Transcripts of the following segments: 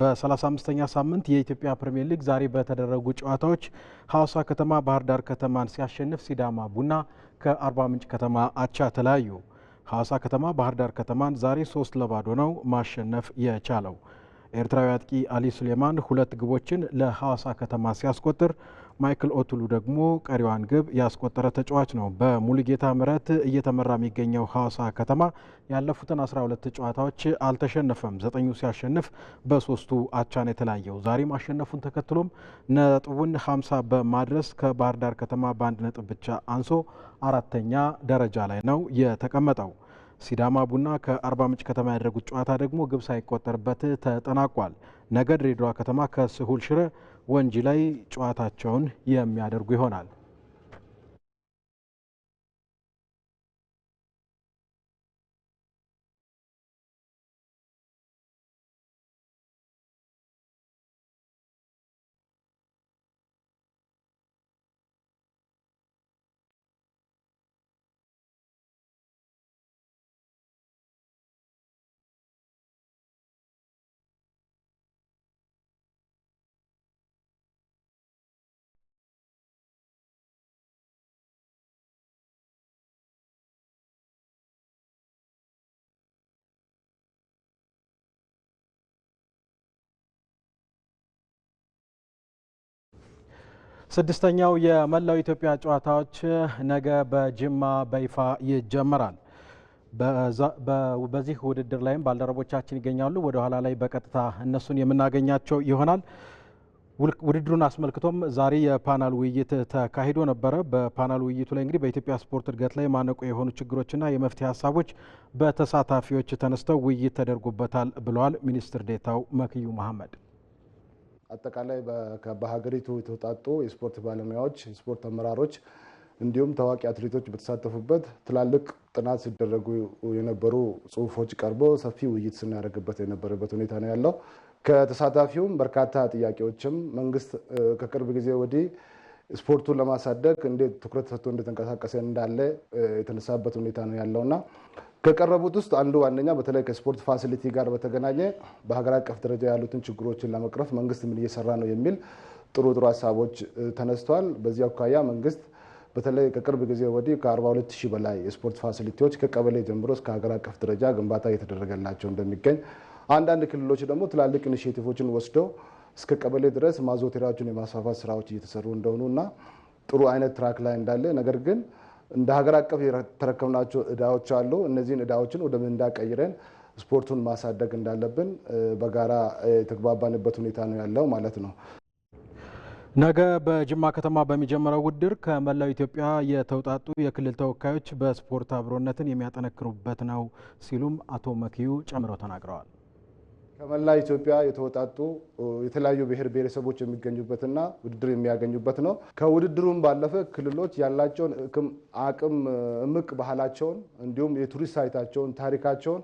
በ35ኛ ሳምንት የኢትዮጵያ ፕሪምየር ሊግ ዛሬ በተደረጉ ጨዋታዎች ሐዋሳ ከተማ ባህር ዳር ከተማን ሲያሸንፍ፣ ሲዳማ ቡና ከአርባ ምንጭ ከተማ አቻ ተለያዩ። ሐዋሳ ከተማ ባህር ዳር ከተማን ዛሬ ሶስት ለባዶ ነው ማሸነፍ የቻለው። ኤርትራዊ አጥቂ አሊ ሱሌማን ሁለት ግቦችን ለሐዋሳ ከተማ ሲያስቆጥር ማይክል ኦቱሉ ደግሞ ቀሪዋን ግብ ያስቆጠረ ተጫዋች ነው። በሙሉጌታ ምረት እየተመራ የሚገኘው ሐዋሳ ከተማ ያለፉትን 12 ጨዋታዎች አልተሸነፈም። ዘጠኙ ሲያሸንፍ በሶስቱ አቻን የተለያየው ዛሬ ማሸነፉን ተከትሎም ነጥቡን 50 በማድረስ ከባህር ዳር ከተማ በአንድ ነጥብ ብቻ አንሶ አራተኛ ደረጃ ላይ ነው የተቀመጠው። ሲዳማ ቡና ከአርባ ምንጭ ከተማ ያደረጉት ጨዋታ ደግሞ ግብ ሳይቆጠርበት ተጠናቋል። ነገ ድሬዳዋ ከተማ ከስሁል ሽረ ወንጂ ላይ ጨዋታቸውን የሚያደርጉ ይሆናል። ስድስተኛው የመላው ኢትዮጵያ ጨዋታዎች ነገ በጅማ በይፋ ይጀመራል። በዚህ ውድድር ላይም ባልደረቦቻችን ይገኛሉ። ወደ ኋላ ላይ በቀጥታ እነሱን የምናገኛቸው ይሆናል። ውድድሩን አስመልክቶም ዛሬ የፓናል ውይይት ተካሂዶ ነበረ። በፓናል ውይይቱ ላይ እንግዲህ በኢትዮጵያ ስፖርት እድገት ላይ ማነቆ የሆኑ ችግሮችና የመፍትሄ ሀሳቦች በተሳታፊዎች ተነስተው ውይይት ተደርጎበታል ብለዋል ሚኒስትር ዴታው መክዩ መሀመድ አጠቃላይ በሀገሪቱ የተውጣጡ የስፖርት ባለሙያዎች፣ የስፖርት አመራሮች እንዲሁም ታዋቂ አትሌቶች በተሳተፉበት ትላልቅ ጥናት ሲደረጉ የነበሩ ጽሁፎች ቀርቦ ሰፊ ውይይት ስናደርግበት የነበረበት ሁኔታ ነው ያለው። ከተሳታፊውም በርካታ ጥያቄዎችም መንግስት ከቅርብ ጊዜ ወዲህ ስፖርቱን ለማሳደግ እንዴት ትኩረት ሰጥቶ እንደተንቀሳቀሰ እንዳለ የተነሳበት ሁኔታ ነው ያለውና ከቀረቡት ውስጥ አንዱ ዋነኛ በተለይ ከስፖርት ፋሲሊቲ ጋር በተገናኘ በሀገር አቀፍ ደረጃ ያሉትን ችግሮችን ለመቅረፍ መንግስት ምን እየሰራ ነው የሚል ጥሩ ጥሩ ሀሳቦች ተነስተዋል። በዚህ አኳያ መንግስት በተለይ ከቅርብ ጊዜ ወዲህ ከ42 ሺህ በላይ የስፖርት ፋሲሊቲዎች ከቀበሌ ጀምሮ እስከ ሀገር አቀፍ ደረጃ ግንባታ እየተደረገላቸው እንደሚገኝ፣ አንዳንድ ክልሎች ደግሞ ትላልቅ ኢኒሽቲቮችን ወስደው እስከ ቀበሌ ድረስ ማዞቴራዎችን የማስፋፋት ስራዎች እየተሰሩ እንደሆኑ እና ጥሩ አይነት ትራክ ላይ እንዳለ ነገር ግን እንደ ሀገር አቀፍ የተረከምናቸው እዳዎች አሉ። እነዚህን እዳዎችን ወደ ምንዳ ቀይረን ስፖርቱን ማሳደግ እንዳለብን በጋራ የተግባባንበት ሁኔታ ነው ያለው ማለት ነው። ነገ በጅማ ከተማ በሚጀምረው ውድድር ከመላው ኢትዮጵያ የተውጣጡ የክልል ተወካዮች በስፖርት አብሮነትን የሚያጠነክሩበት ነው ሲሉም አቶ መኪዩ ጨምረው ተናግረዋል። ከመላ ኢትዮጵያ የተወጣጡ የተለያዩ ብሔር ብሔረሰቦች የሚገኙበትና ውድድር የሚያገኙበት ነው። ከውድድሩም ባለፈ ክልሎች ያላቸውን አቅም እምቅ ባህላቸውን እንዲሁም የቱሪስት ሳይታቸውን ታሪካቸውን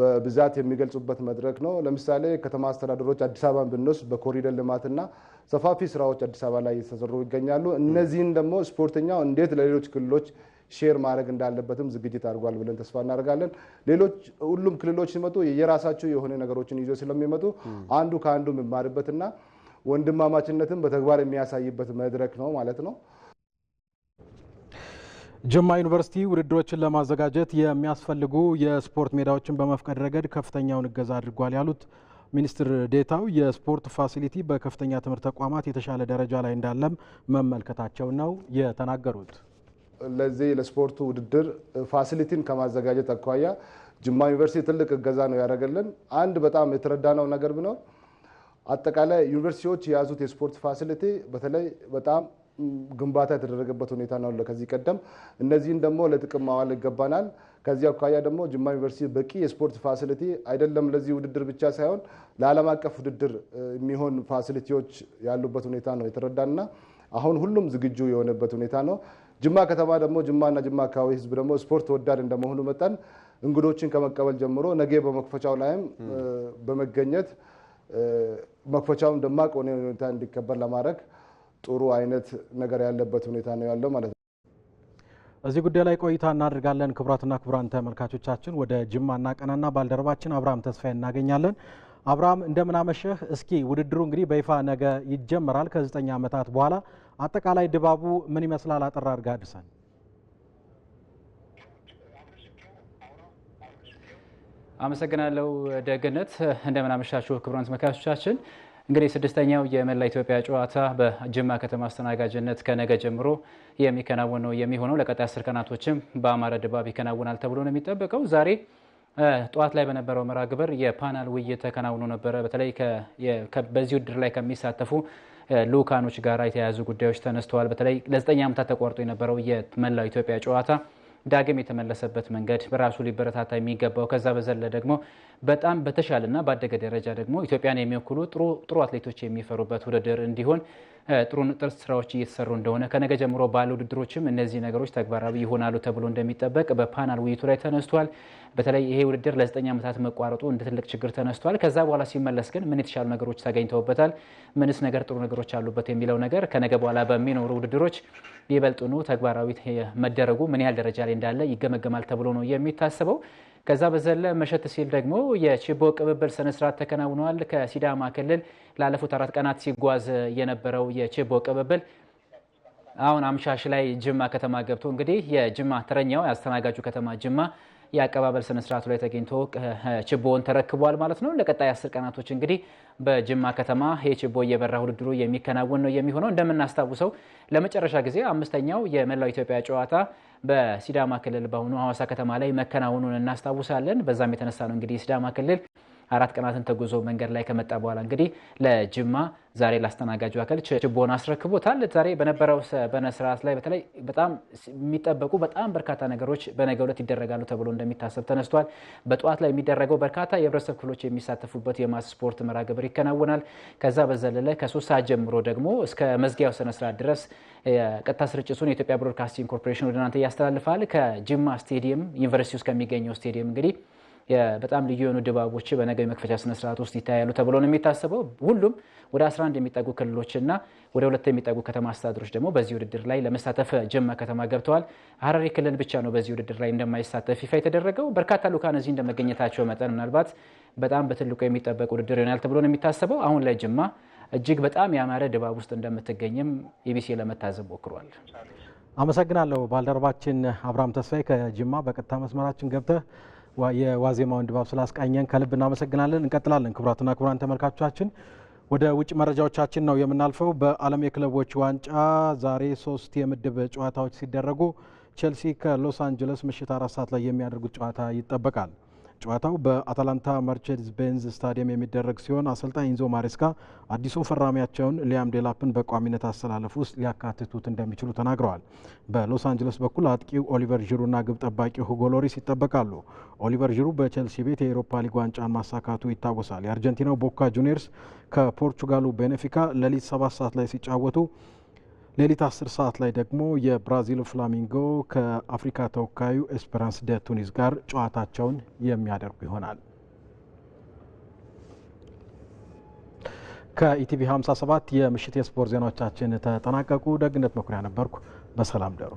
በብዛት የሚገልጹበት መድረክ ነው። ለምሳሌ ከተማ አስተዳደሮች አዲስ አበባን ብንወስድ በኮሪደር ልማትና ሰፋፊ ስራዎች አዲስ አበባ ላይ እየተሰሩ ይገኛሉ። እነዚህን ደግሞ ስፖርተኛው እንዴት ለሌሎች ክልሎች ሼር ማድረግ እንዳለበትም ዝግጅት አድርጓል ብለን ተስፋ እናደርጋለን። ሌሎች ሁሉም ክልሎች ሲመጡ የራሳቸው የሆነ ነገሮችን ይዞ ስለሚመጡ አንዱ ከአንዱ የሚማርበትና ወንድማማችነትን በተግባር የሚያሳይበት መድረክ ነው ማለት ነው። ጅማ ዩኒቨርሲቲ ውድድሮችን ለማዘጋጀት የሚያስፈልጉ የስፖርት ሜዳዎችን በመፍቀድ ረገድ ከፍተኛውን እገዛ አድርጓል ያሉት ሚኒስትር ዴታው የስፖርት ፋሲሊቲ በከፍተኛ ትምህርት ተቋማት የተሻለ ደረጃ ላይ እንዳለም መመልከታቸው ነው የተናገሩት። ለዚህ ለስፖርቱ ውድድር ፋሲሊቲን ከማዘጋጀት አኳያ ጅማ ዩኒቨርሲቲ ትልቅ እገዛ ነው ያደረገልን። አንድ በጣም የተረዳነው ነገር ቢኖር አጠቃላይ ዩኒቨርሲቲዎች የያዙት የስፖርት ፋሲሊቲ በተለይ በጣም ግንባታ የተደረገበት ሁኔታ ነው ከዚህ ቀደም። እነዚህን ደግሞ ለጥቅም ማዋል ይገባናል። ከዚህ አኳያ ደግሞ ጅማ ዩኒቨርሲቲ በቂ የስፖርት ፋሲሊቲ አይደለም ለዚህ ውድድር ብቻ ሳይሆን ለዓለም አቀፍ ውድድር የሚሆን ፋሲሊቲዎች ያሉበት ሁኔታ ነው የተረዳንና አሁን ሁሉም ዝግጁ የሆነበት ሁኔታ ነው። ጅማ ከተማ ደግሞ ጅማና ጅማ አካባቢ ህዝብ ደግሞ ስፖርት ወዳድ እንደመሆኑ መጠን እንግዶችን ከመቀበል ጀምሮ ነገ በመክፈቻው ላይም በመገኘት መክፈቻውም ደማቅ ሆነ ሁኔታ እንዲከበር ለማድረግ ጥሩ አይነት ነገር ያለበት ሁኔታ ነው ያለው ማለት ነው። እዚህ ጉዳይ ላይ ቆይታ እናደርጋለን። ክቡራትና ክቡራን ተመልካቾቻችን ወደ ጅማ እናቀናና ባልደረባችን አብርሃም ተስፋዬ እናገኛለን። አብርሃም እንደምናመሸህ። እስኪ ውድድሩ እንግዲህ በይፋ ነገ ይጀመራል ከዘጠኝ ዓመታት በኋላ አጠቃላይ ድባቡ ምን ይመስላል? አጠር አድርጋ አድርሰን። አመሰግናለሁ ደግነት። እንደምን አመሻችሁ ክቡራን ተመልካቾቻችን። እንግዲህ ስድስተኛው የመላ ኢትዮጵያ ጨዋታ በጅማ ከተማ አስተናጋጅነት ከነገ ጀምሮ የሚከናወን ነው የሚሆነው። ለቀጣይ አስር ቀናቶችም በአማረ ድባብ ይከናወናል ተብሎ ነው የሚጠበቀው። ዛሬ ጠዋት ላይ በነበረው መርሃ ግብር የፓናል ውይይት ተከናውኖ ነበረ። በተለይ በዚህ ውድድር ላይ ከሚሳተፉ ልኡካኖች ጋር የተያያዙ ጉዳዮች ተነስተዋል። በተለይ ለዘጠኝ ዓመታት ተቋርጦ የነበረው የመላው ኢትዮጵያ ጨዋታ ዳግም የተመለሰበት መንገድ በራሱ ሊበረታታ የሚገባው ከዛ በዘለ ደግሞ በጣም በተሻለና ባደገ ደረጃ ደግሞ ኢትዮጵያን የሚወክሉ ጥሩ አትሌቶች የሚፈሩበት ውድድር እንዲሆን ጥሩ ጥርት ስራዎች እየተሰሩ እንደሆነ ከነገ ጀምሮ ባለ ውድድሮችም እነዚህ ነገሮች ተግባራዊ ይሆናሉ ተብሎ እንደሚጠበቅ በፓናል ውይይቱ ላይ ተነስቷል። በተለይ ይሄ ውድድር ለዘጠኝ ዓመታት መቋረጡ እንደ ትልቅ ችግር ተነስቷል። ከዛ በኋላ ሲመለስ ግን ምን የተሻሉ ነገሮች ተገኝተውበታል፣ ምንስ ነገር ጥሩ ነገሮች አሉበት የሚለው ነገር ከነገ በኋላ በሚኖሩ ውድድሮች ይበልጡኑ ተግባራዊ መደረጉ ምን ያህል ደረጃ ላይ እንዳለ ይገመገማል ተብሎ ነው የሚታሰበው። ከዛ በዘለ መሸት ሲል ደግሞ የችቦ ቅብብል ስነስርዓት ተከናውነዋል። ከሲዳማ ክልል ላለፉት አራት ቀናት ሲጓዝ የነበረው የችቦ ቅብብል አሁን አምሻሽ ላይ ጅማ ከተማ ገብቶ እንግዲህ የጅማ ተረኛው የአስተናጋጁ ከተማ ጅማ የአቀባበል ስነስርዓቱ ላይ ተገኝቶ ችቦውን ተረክቧል ማለት ነው። ለቀጣይ አስር ቀናቶች እንግዲህ በጅማ ከተማ ይህ ችቦ እየበራ ውድድሩ የሚከናወን ነው የሚሆነው። እንደምናስታውሰው ለመጨረሻ ጊዜ አምስተኛው የመላው ኢትዮጵያ ጨዋታ በሲዳማ ክልል በአሁኑ ሐዋሳ ከተማ ላይ መከናወኑን እናስታውሳለን። በዛም የተነሳ ነው እንግዲህ ሲዳማ ክልል አራት ቀናትን ተጉዞ መንገድ ላይ ከመጣ በኋላ እንግዲህ ለጅማ ዛሬ ላስተናጋጁ አካል ችቦን አስረክቦታል። ዛሬ በነበረው ስርዓት ላይ በተለይ በጣም የሚጠበቁ በጣም በርካታ ነገሮች በነገ ዕለት ይደረጋሉ ተብሎ እንደሚታሰብ ተነስቷል። በጠዋት ላይ የሚደረገው በርካታ የህብረተሰብ ክፍሎች የሚሳተፉበት የማስ ስፖርት መርሃ ግብር ይከናወናል። ከዛ በዘለለ ከሶስት ሰዓት ጀምሮ ደግሞ እስከ መዝጊያው ስነስርዓት ድረስ ቀጥታ ስርጭቱን የኢትዮጵያ ብሮድካስቲንግ ኮርፖሬሽን ወደ እናንተ ያስተላልፋል። ከጅማ ስቴዲየም ዩኒቨርሲቲ ውስጥ ከሚገኘው ስቴዲየም እንግዲህ በጣም ልዩ የሆኑ ድባቦች በነገ መክፈቻ ስነስርዓት ውስጥ ይታያሉ ተብሎ ነው የሚታሰበው። ሁሉም ወደ 11 የሚጠጉ ክልሎችና ወደ ሁለት የሚጠጉ ከተማ አስተዳደሮች ደግሞ በዚህ ውድድር ላይ ለመሳተፍ ጅማ ከተማ ገብተዋል። ሀረሪ ክልል ብቻ ነው በዚህ ውድድር ላይ እንደማይሳተፍ ይፋ የተደረገው። በርካታ ልዑካን እዚህ እንደመገኘታቸው መጠን ምናልባት በጣም በትልቁ የሚጠበቅ ውድድር ይሆናል ተብሎ ነው የሚታሰበው። አሁን ላይ ጅማ እጅግ በጣም ያማረ ድባብ ውስጥ እንደምትገኝም ኢቢሲ ለመታዘብ ሞክሯል። አመሰግናለሁ ባልደረባችን አብርሃም ተስፋዬ ከጅማ በቀጥታ መስመራችን ገብተህ የዋዜማውን ድባብ ስላስቃኘን ከልብ እናመሰግናለን። እንቀጥላለን። ክቡራትና ክቡራን ተመልካቾቻችን ወደ ውጭ መረጃዎቻችን ነው የምናልፈው። በዓለም የክለቦች ዋንጫ ዛሬ ሶስት የምድብ ጨዋታዎች ሲደረጉ ቼልሲ ከሎስ አንጀለስ ምሽት አራት ሰዓት ላይ የሚያደርጉት ጨዋታ ይጠበቃል። ጨዋታው በአታላንታ መርቼድስ ቤንዝ ስታዲየም የሚደረግ ሲሆን አሰልጣኝ ኢንዞ ማሬስካ አዲሱ ፈራሚያቸውን ሊያም ዴላፕን በቋሚነት አሰላለፍ ውስጥ ሊያካትቱት እንደሚችሉ ተናግረዋል። በሎስ አንጀለስ በኩል አጥቂው ኦሊቨር ዥሩና ግብ ጠባቂው ሁጎ ሎሪስ ይጠበቃሉ። ኦሊቨር ዥሩ በቼልሲ ቤት የኤሮፓ ሊግ ዋንጫን ማሳካቱ ይታወሳል። የአርጀንቲናው ቦካ ጁኒየርስ ከፖርቹጋሉ ቤኔፊካ ሌሊት ሰባት ሰዓት ላይ ሲጫወቱ ሌሊት 10 ሰዓት ላይ ደግሞ የብራዚሉ ፍላሚንጎ ከአፍሪካ ተወካዩ ኤስፐራንስ ደ ቱኒስ ጋር ጨዋታቸውን የሚያደርጉ ይሆናል። ከኢቲቪ 57 የምሽት የስፖርት ዜናዎቻችን ተጠናቀቁ። ደግነት መኩሪያ ነበርኩ። በሰላም ደሩ።